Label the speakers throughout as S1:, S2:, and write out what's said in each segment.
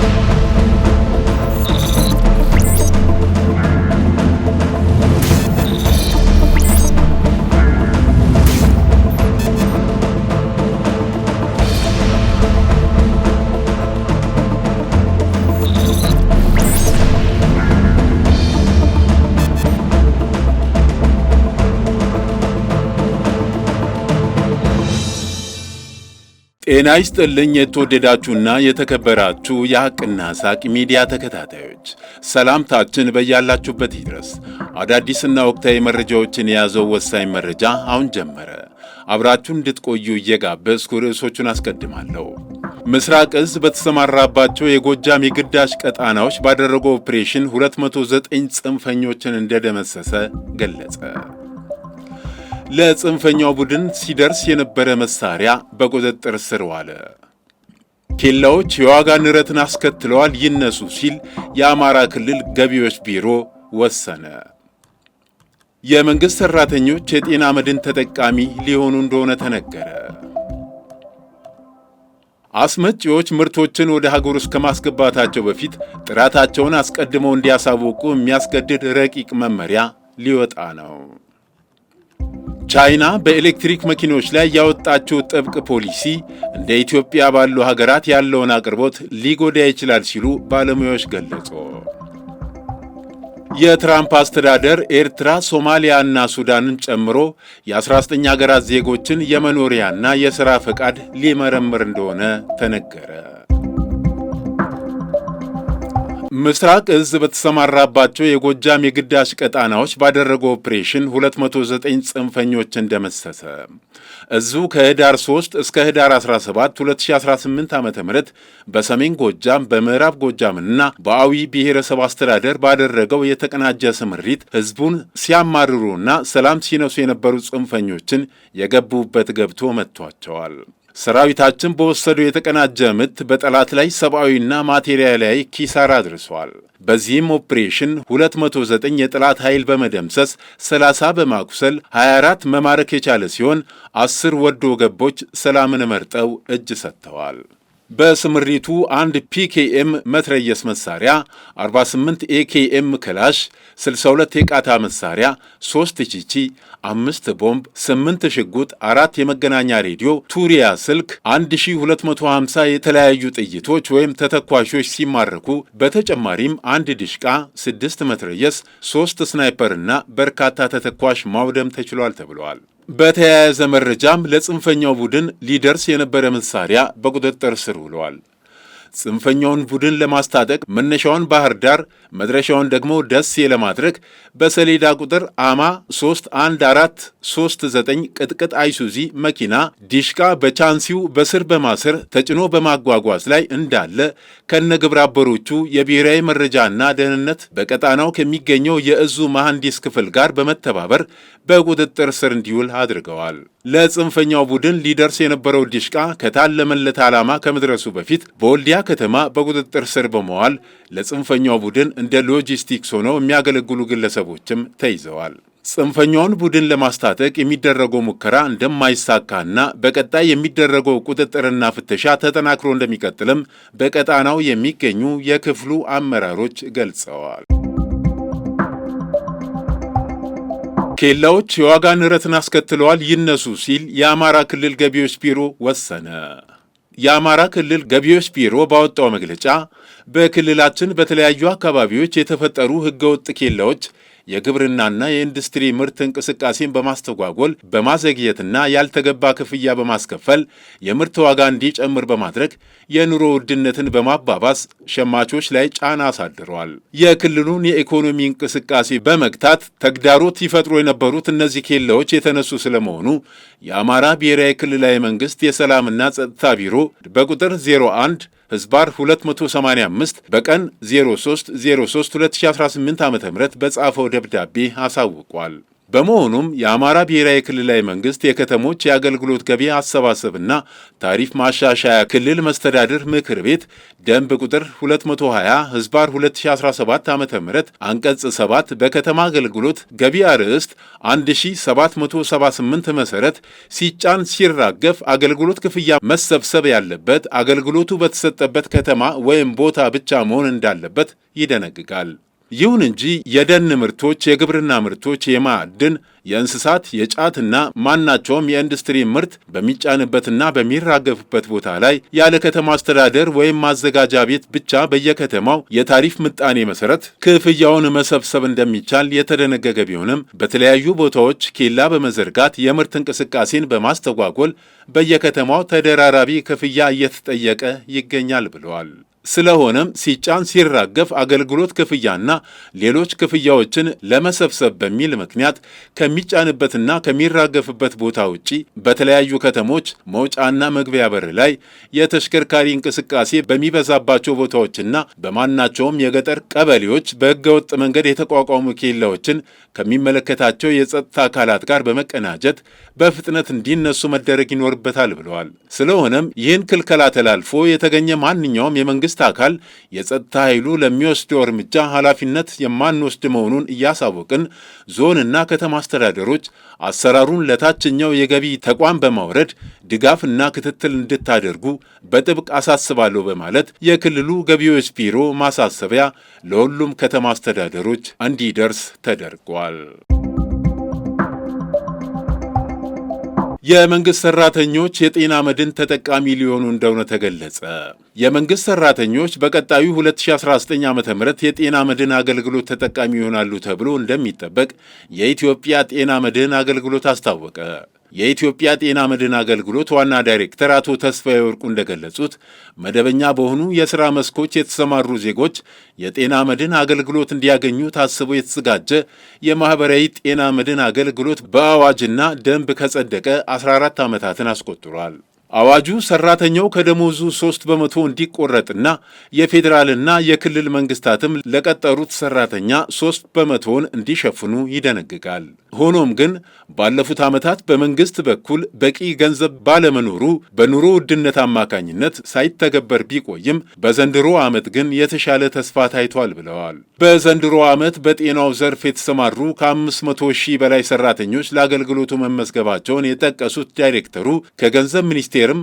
S1: Thank you. ጤና ይስጥልኝ የተወደዳችሁና የተከበራችሁ የሐቅና ሳቅ ሚዲያ ተከታታዮች፣ ሰላምታችን በያላችሁበት ይድረስ። አዳዲስና ወቅታዊ መረጃዎችን የያዘው ወሳኝ መረጃ አሁን ጀመረ። አብራችሁን እንድትቆዩ እየጋበዝኩ ርዕሶቹን አስቀድማለሁ። ምስራቅ እዝ በተሰማራባቸው የጎጃም የግዳጅ ቀጣናዎች ባደረገው ኦፕሬሽን 209 ጽንፈኞችን እንደደመሰሰ ገለጸ። ለጽንፈኛው ቡድን ሲደርስ የነበረ መሳሪያ በቁጥጥር ስር ዋለ። ኬላዎች የዋጋ ንረትን አስከትለዋል ይነሱ ሲል የአማራ ክልል ገቢዎች ቢሮ ወሰነ። የመንግሥት ሠራተኞች የጤና መድን ተጠቃሚ ሊሆኑ እንደሆነ ተነገረ። አስመጪዎች ምርቶችን ወደ ሀገር ውስጥ ከማስገባታቸው በፊት ጥራታቸውን አስቀድመው እንዲያሳውቁ የሚያስገድድ ረቂቅ መመሪያ ሊወጣ ነው። ቻይና በኤሌክትሪክ መኪኖች ላይ ያወጣችው ጥብቅ ፖሊሲ እንደ ኢትዮጵያ ባሉ ሀገራት ያለውን አቅርቦት ሊጎዳ ይችላል ሲሉ ባለሙያዎች ገለጹ። የትራምፕ አስተዳደር ኤርትራ፣ ሶማሊያ እና ሱዳንን ጨምሮ የ19 ሀገራት ዜጎችን የመኖሪያና የሥራ ፈቃድ ሊመረምር እንደሆነ ተነገረ። ምስራቅ እዝ በተሰማራባቸው የጎጃም የግዳጅ ቀጣናዎች ባደረገው ኦፕሬሽን 209 ጽንፈኞችን ደመሰሰ። እዙ ከህዳር 3 እስከ ህዳር 17 2018 ዓ ም በሰሜን ጎጃም በምዕራብ ጎጃምና በአዊ ብሔረሰብ አስተዳደር ባደረገው የተቀናጀ ስምሪት ህዝቡን ሲያማርሩና ሰላም ሲነሱ የነበሩ ጽንፈኞችን የገቡበት ገብቶ መጥቷቸዋል። ሰራዊታችን በወሰደው የተቀናጀ ምት በጠላት ላይ ሰብአዊና ላይ ኪሳራ አድርሷል። በዚህም ኦፕሬሽን 209 የጠላት ኃይል በመደምሰስ 30 በማቁሰል 24 መማረክ የቻለ ሲሆን 10 ወዶ ገቦች ሰላምን መርጠው እጅ ሰጥተዋል። በስምሪቱ አንድ ፒኬኤም መትረየስ መሳሪያ፣ 48 ኤኬኤም ክላሽ፣ 62 የቃታ መሳሪያ፣ 3 ቺቺ፣ 5 ቦምብ፣ 8 ሽጉጥ፣ 4 የመገናኛ ሬዲዮ፣ ቱሪያ ስልክ፣ 1250 የተለያዩ ጥይቶች ወይም ተተኳሾች ሲማረኩ በተጨማሪም አንድ ድሽቃ፣ 6 መትረየስ፣ 3 ስናይፐርና በርካታ ተተኳሽ ማውደም ተችሏል ተብለዋል። በተያያዘ መረጃም ለጽንፈኛው ቡድን ሊደርስ የነበረ መሳሪያ በቁጥጥር ስር ውሏል። ጽንፈኛውን ቡድን ለማስታጠቅ መነሻውን ባህር ዳር መድረሻውን ደግሞ ደሴ ለማድረግ በሰሌዳ ቁጥር አማ 31439 ቅጥቅጥ አይሱዚ መኪና ዲሽቃ በቻንሲው በስር በማስር ተጭኖ በማጓጓዝ ላይ እንዳለ ከነ አበሮቹ የብሔራዊ መረጃና ደህንነት በቀጣናው ከሚገኘው የእዙ መሐንዲስ ክፍል ጋር በመተባበር በቁጥጥር ስር እንዲውል አድርገዋል። ለጽንፈኛው ቡድን ሊደርስ የነበረው ዲሽቃ ከታለመለት ዓላማ ከመድረሱ በፊት በወልዲያ ከተማ በቁጥጥር ስር በመዋል ለጽንፈኛው ቡድን እንደ ሎጂስቲክስ ሆነው የሚያገለግሉ ግለሰቦችም ተይዘዋል። ጽንፈኛውን ቡድን ለማስታጠቅ የሚደረገው ሙከራ እንደማይሳካና በቀጣይ የሚደረገው ቁጥጥርና ፍተሻ ተጠናክሮ እንደሚቀጥልም በቀጣናው የሚገኙ የክፍሉ አመራሮች ገልጸዋል። ኬላዎች የዋጋ ንረትን አስከትለዋል ይነሱ ሲል የአማራ ክልል ገቢዎች ቢሮ ወሰነ። የአማራ ክልል ገቢዎች ቢሮ ባወጣው መግለጫ በክልላችን በተለያዩ አካባቢዎች የተፈጠሩ ህገወጥ ኬላዎች የግብርናና የኢንዱስትሪ ምርት እንቅስቃሴን በማስተጓጎል በማዘግየትና ያልተገባ ክፍያ በማስከፈል የምርት ዋጋ እንዲጨምር በማድረግ የኑሮ ውድነትን በማባባስ ሸማቾች ላይ ጫና አሳድረዋል። የክልሉን የኢኮኖሚ እንቅስቃሴ በመግታት ተግዳሮት ይፈጥሮ የነበሩት እነዚህ ኬላዎች የተነሱ ስለመሆኑ የአማራ ብሔራዊ ክልላዊ መንግስት የሰላምና ጸጥታ ቢሮ በቁጥር 01 ህዝባር 285 በቀን 03 03 2018 ዓ ም በጻፈው ደብዳቤ አሳውቋል። በመሆኑም የአማራ ብሔራዊ ክልላዊ መንግስት የከተሞች የአገልግሎት ገቢ አሰባሰብና ታሪፍ ማሻሻያ ክልል መስተዳድር ምክር ቤት ደንብ ቁጥር 220 ህዝባር 2017 ዓ ም አንቀጽ 7 በከተማ አገልግሎት ገቢ አርዕስት 1778 መሠረት ሲጫን ሲራገፍ አገልግሎት ክፍያ መሰብሰብ ያለበት አገልግሎቱ በተሰጠበት ከተማ ወይም ቦታ ብቻ መሆን እንዳለበት ይደነግጋል። ይሁን እንጂ የደን ምርቶች፣ የግብርና ምርቶች፣ የማዕድን፣ የእንስሳት፣ የጫትና ማናቸውም የኢንዱስትሪ ምርት በሚጫንበትና በሚራገፍበት ቦታ ላይ ያለ ከተማ አስተዳደር ወይም ማዘጋጃ ቤት ብቻ በየከተማው የታሪፍ ምጣኔ መሰረት ክፍያውን መሰብሰብ እንደሚቻል የተደነገገ ቢሆንም በተለያዩ ቦታዎች ኬላ በመዘርጋት የምርት እንቅስቃሴን በማስተጓጎል በየከተማው ተደራራቢ ክፍያ እየተጠየቀ ይገኛል ብለዋል። ስለሆነም ሲጫን ሲራገፍ አገልግሎት ክፍያና ሌሎች ክፍያዎችን ለመሰብሰብ በሚል ምክንያት ከሚጫንበትና ከሚራገፍበት ቦታ ውጪ በተለያዩ ከተሞች መውጫና መግቢያ በር ላይ የተሽከርካሪ እንቅስቃሴ በሚበዛባቸው ቦታዎችና በማናቸውም የገጠር ቀበሌዎች በህገወጥ መንገድ የተቋቋሙ ኬላዎችን ከሚመለከታቸው የጸጥታ አካላት ጋር በመቀናጀት በፍጥነት እንዲነሱ መደረግ ይኖርበታል ብለዋል። ስለሆነም ይህን ክልከላ ተላልፎ የተገኘ ማንኛውም የመንግስት የመንግስት አካል የጸጥታ ኃይሉ ለሚወስደው እርምጃ ኃላፊነት የማንወስድ መሆኑን እያሳወቅን ዞንና ከተማ አስተዳደሮች አሰራሩን ለታችኛው የገቢ ተቋም በማውረድ ድጋፍና ክትትል እንድታደርጉ በጥብቅ አሳስባለሁ በማለት የክልሉ ገቢዎች ቢሮ ማሳሰቢያ ለሁሉም ከተማ አስተዳደሮች እንዲደርስ ተደርጓል። የመንግሥት ሠራተኞች የጤና መድን ተጠቃሚ ሊሆኑ እንደሆነ ተገለጸ። የመንግስት ሰራተኞች በቀጣዩ 2019 ዓ ም የጤና መድን አገልግሎት ተጠቃሚ ይሆናሉ ተብሎ እንደሚጠበቅ የኢትዮጵያ ጤና መድን አገልግሎት አስታወቀ። የኢትዮጵያ ጤና መድን አገልግሎት ዋና ዳይሬክተር አቶ ተስፋዬ ወርቁ እንደገለጹት መደበኛ በሆኑ የሥራ መስኮች የተሰማሩ ዜጎች የጤና መድን አገልግሎት እንዲያገኙ ታስቦ የተዘጋጀ የማኅበራዊ ጤና መድን አገልግሎት በአዋጅና ደንብ ከጸደቀ 14 ዓመታትን አስቆጥሯል። አዋጁ ሰራተኛው ከደሞዙ ሶስት በመቶ እንዲቆረጥና የፌዴራልና የክልል መንግስታትም ለቀጠሩት ሰራተኛ ሶስት በመቶውን እንዲሸፍኑ ይደነግጋል። ሆኖም ግን ባለፉት ዓመታት በመንግስት በኩል በቂ ገንዘብ ባለመኖሩ በኑሮ ውድነት አማካኝነት ሳይተገበር ቢቆይም በዘንድሮ ዓመት ግን የተሻለ ተስፋ ታይቷል ብለዋል። በዘንድሮ ዓመት በጤናው ዘርፍ የተሰማሩ ከአምስት መቶ ሺህ በላይ ሰራተኞች ለአገልግሎቱ መመዝገባቸውን የጠቀሱት ዳይሬክተሩ ከገንዘብ ሚኒስቴር ሚኒስቴርም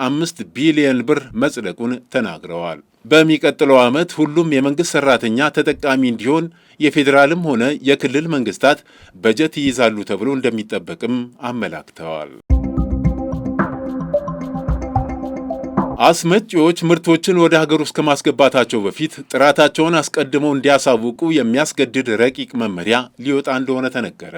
S1: 4.5 ቢሊየን ብር መጽደቁን ተናግረዋል። በሚቀጥለው ዓመት ሁሉም የመንግሥት ሠራተኛ ተጠቃሚ እንዲሆን የፌዴራልም ሆነ የክልል መንግሥታት በጀት ይይዛሉ ተብሎ እንደሚጠበቅም አመላክተዋል። አስመጪዎች ምርቶችን ወደ ሀገር ውስጥ ከማስገባታቸው በፊት ጥራታቸውን አስቀድመው እንዲያሳውቁ የሚያስገድድ ረቂቅ መመሪያ ሊወጣ እንደሆነ ተነገረ።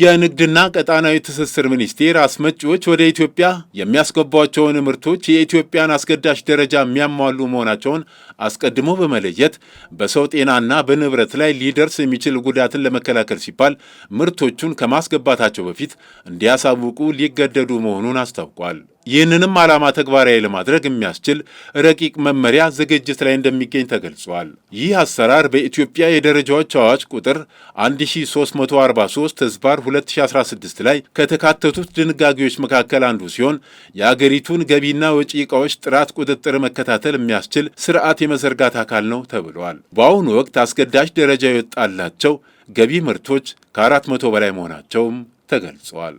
S1: የንግድና ቀጣናዊ ትስስር ሚኒስቴር አስመጪዎች ወደ ኢትዮጵያ የሚያስገቧቸውን ምርቶች የኢትዮጵያን አስገዳጅ ደረጃ የሚያሟሉ መሆናቸውን አስቀድሞ በመለየት በሰው ጤናና በንብረት ላይ ሊደርስ የሚችል ጉዳትን ለመከላከል ሲባል ምርቶቹን ከማስገባታቸው በፊት እንዲያሳውቁ ሊገደዱ መሆኑን አስታውቋል። ይህንንም ዓላማ ተግባራዊ ለማድረግ የሚያስችል ረቂቅ መመሪያ ዝግጅት ላይ እንደሚገኝ ተገልጿል። ይህ አሰራር በኢትዮጵያ የደረጃዎች አዋጅ ቁጥር 1343 ህዝባር 2016 ላይ ከተካተቱት ድንጋጌዎች መካከል አንዱ ሲሆን የአገሪቱን ገቢና ወጪ ዕቃዎች ጥራት ቁጥጥር መከታተል የሚያስችል ስርዓት የመዘርጋት አካል ነው ተብሏል። በአሁኑ ወቅት አስገዳጅ ደረጃ የወጣላቸው ገቢ ምርቶች ከ400 በላይ መሆናቸውም ተገልጿል።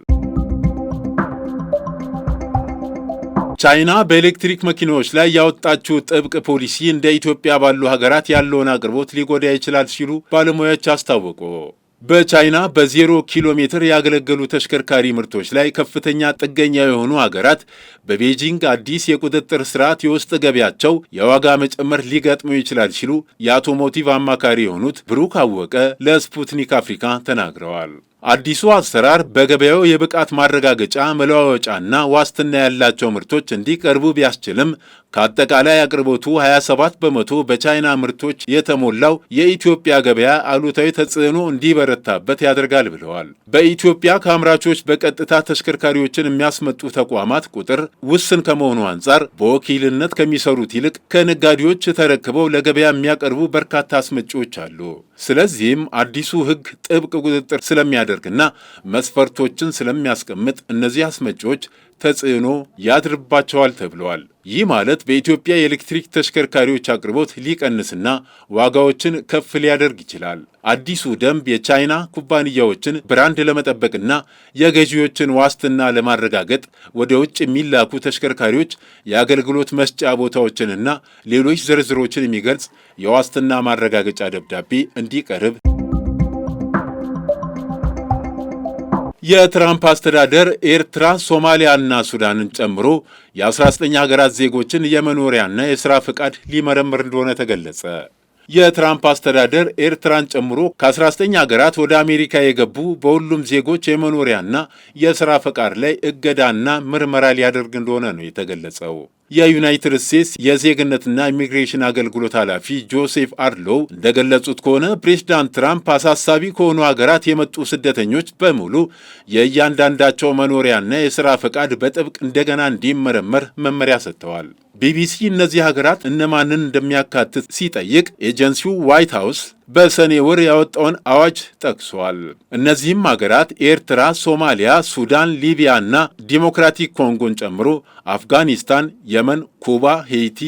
S1: ቻይና በኤሌክትሪክ መኪናዎች ላይ ያወጣችው ጥብቅ ፖሊሲ እንደ ኢትዮጵያ ባሉ ሀገራት ያለውን አቅርቦት ሊጎዳ ይችላል ሲሉ ባለሙያዎች አስታወቁ። በቻይና በዜሮ ኪሎ ሜትር ያገለገሉ ተሽከርካሪ ምርቶች ላይ ከፍተኛ ጥገኛ የሆኑ ሀገራት በቤጂንግ አዲስ የቁጥጥር ስርዓት የውስጥ ገቢያቸው የዋጋ መጨመር ሊገጥመው ይችላል ሲሉ የአውቶሞቲቭ አማካሪ የሆኑት ብሩክ አወቀ ለስፑትኒክ አፍሪካ ተናግረዋል። አዲሱ አሰራር በገበያው የብቃት ማረጋገጫ መለዋወጫና ዋስትና ያላቸው ምርቶች እንዲቀርቡ ቢያስችልም ከአጠቃላይ አቅርቦቱ 27 በመቶ በቻይና ምርቶች የተሞላው የኢትዮጵያ ገበያ አሉታዊ ተጽዕኖ እንዲበረታበት ያደርጋል ብለዋል። በኢትዮጵያ ከአምራቾች በቀጥታ ተሽከርካሪዎችን የሚያስመጡ ተቋማት ቁጥር ውስን ከመሆኑ አንጻር በወኪልነት ከሚሰሩት ይልቅ ከነጋዴዎች ተረክበው ለገበያ የሚያቀርቡ በርካታ አስመጪዎች አሉ። ስለዚህም አዲሱ ሕግ ጥብቅ ቁጥጥር ስለሚያደ ስለሚያደርግና መስፈርቶችን ስለሚያስቀምጥ እነዚህ አስመጪዎች ተጽዕኖ ያድርባቸዋል ተብለዋል። ይህ ማለት በኢትዮጵያ የኤሌክትሪክ ተሽከርካሪዎች አቅርቦት ሊቀንስና ዋጋዎችን ከፍ ሊያደርግ ይችላል። አዲሱ ደንብ የቻይና ኩባንያዎችን ብራንድ ለመጠበቅና የገዢዎችን ዋስትና ለማረጋገጥ ወደ ውጭ የሚላኩ ተሽከርካሪዎች የአገልግሎት መስጫ ቦታዎችንና ሌሎች ዝርዝሮችን የሚገልጽ የዋስትና ማረጋገጫ ደብዳቤ እንዲቀርብ የትራምፕ አስተዳደር ኤርትራ፣ ሶማሊያና ሱዳንን ጨምሮ የ19 ሀገራት ዜጎችን የመኖሪያና የሥራ ፈቃድ ሊመረምር እንደሆነ ተገለጸ። የትራምፕ አስተዳደር ኤርትራን ጨምሮ ከ19 ሀገራት ወደ አሜሪካ የገቡ በሁሉም ዜጎች የመኖሪያና የሥራ ፈቃድ ላይ እገዳና ምርመራ ሊያደርግ እንደሆነ ነው የተገለጸው። የዩናይትድ ስቴትስ የዜግነትና ኢሚግሬሽን አገልግሎት ኃላፊ ጆሴፍ አድሎው እንደገለጹት ከሆነ ፕሬዚዳንት ትራምፕ አሳሳቢ ከሆኑ ሀገራት የመጡ ስደተኞች በሙሉ የእያንዳንዳቸው መኖሪያና የሥራ ፈቃድ በጥብቅ እንደገና እንዲመረመር መመሪያ ሰጥተዋል። ቢቢሲ እነዚህ ሀገራት እነማንን እንደሚያካትት ሲጠይቅ ኤጀንሲው ዋይት ሃውስ በሰኔ ወር ያወጣውን አዋጅ ጠቅሷል። እነዚህም ሀገራት ኤርትራ፣ ሶማሊያ፣ ሱዳን፣ ሊቢያ እና ዲሞክራቲክ ኮንጎን ጨምሮ አፍጋኒስታን፣ የመን፣ ኩባ፣ ሄይቲ፣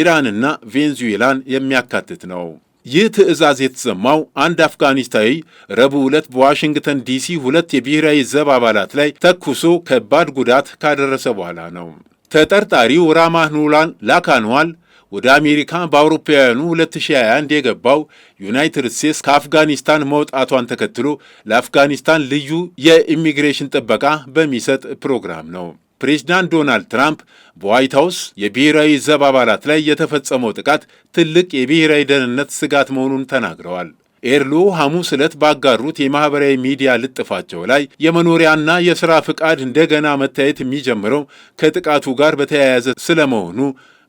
S1: ኢራንና ቬንዙዌላን የሚያካትት ነው። ይህ ትዕዛዝ የተሰማው አንድ አፍጋኒስታዊ ረቡዕ ዕለት በዋሽንግተን ዲሲ ሁለት የብሔራዊ ዘብ አባላት ላይ ተኩሶ ከባድ ጉዳት ካደረሰ በኋላ ነው። ተጠርጣሪው ራማኑላን ላካንዋል ወደ አሜሪካ በአውሮፓውያኑ 2021 የገባው ዩናይትድ ስቴትስ ከአፍጋኒስታን መውጣቷን ተከትሎ ለአፍጋኒስታን ልዩ የኢሚግሬሽን ጥበቃ በሚሰጥ ፕሮግራም ነው። ፕሬዚዳንት ዶናልድ ትራምፕ በዋይት ሀውስ የብሔራዊ ዘብ አባላት ላይ የተፈጸመው ጥቃት ትልቅ የብሔራዊ ደህንነት ስጋት መሆኑን ተናግረዋል። ኤርሎ ሐሙስ ዕለት ባጋሩት የማኅበራዊ ሚዲያ ልጥፋቸው ላይ የመኖሪያና የሥራ ፍቃድ እንደገና መታየት የሚጀምረው ከጥቃቱ ጋር በተያያዘ ስለመሆኑ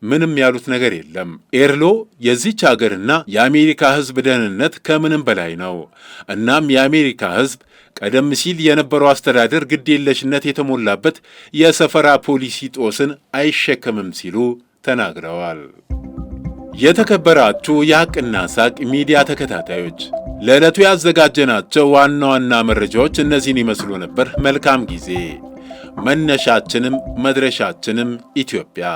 S1: ምንም ያሉት ነገር የለም። ኤርሎ የዚች አገርና የአሜሪካ ሕዝብ ደህንነት ከምንም በላይ ነው። እናም የአሜሪካ ሕዝብ ቀደም ሲል የነበረው አስተዳደር ግዴለሽነት የተሞላበት የሰፈራ ፖሊሲ ጦስን አይሸከምም ሲሉ ተናግረዋል። የተከበራችሁ የሐቅና ሳቅ ሚዲያ ተከታታዮች ለዕለቱ ያዘጋጀናቸው ዋና ዋና መረጃዎች እነዚህን ይመስሉ ነበር። መልካም ጊዜ። መነሻችንም መድረሻችንም ኢትዮጵያ።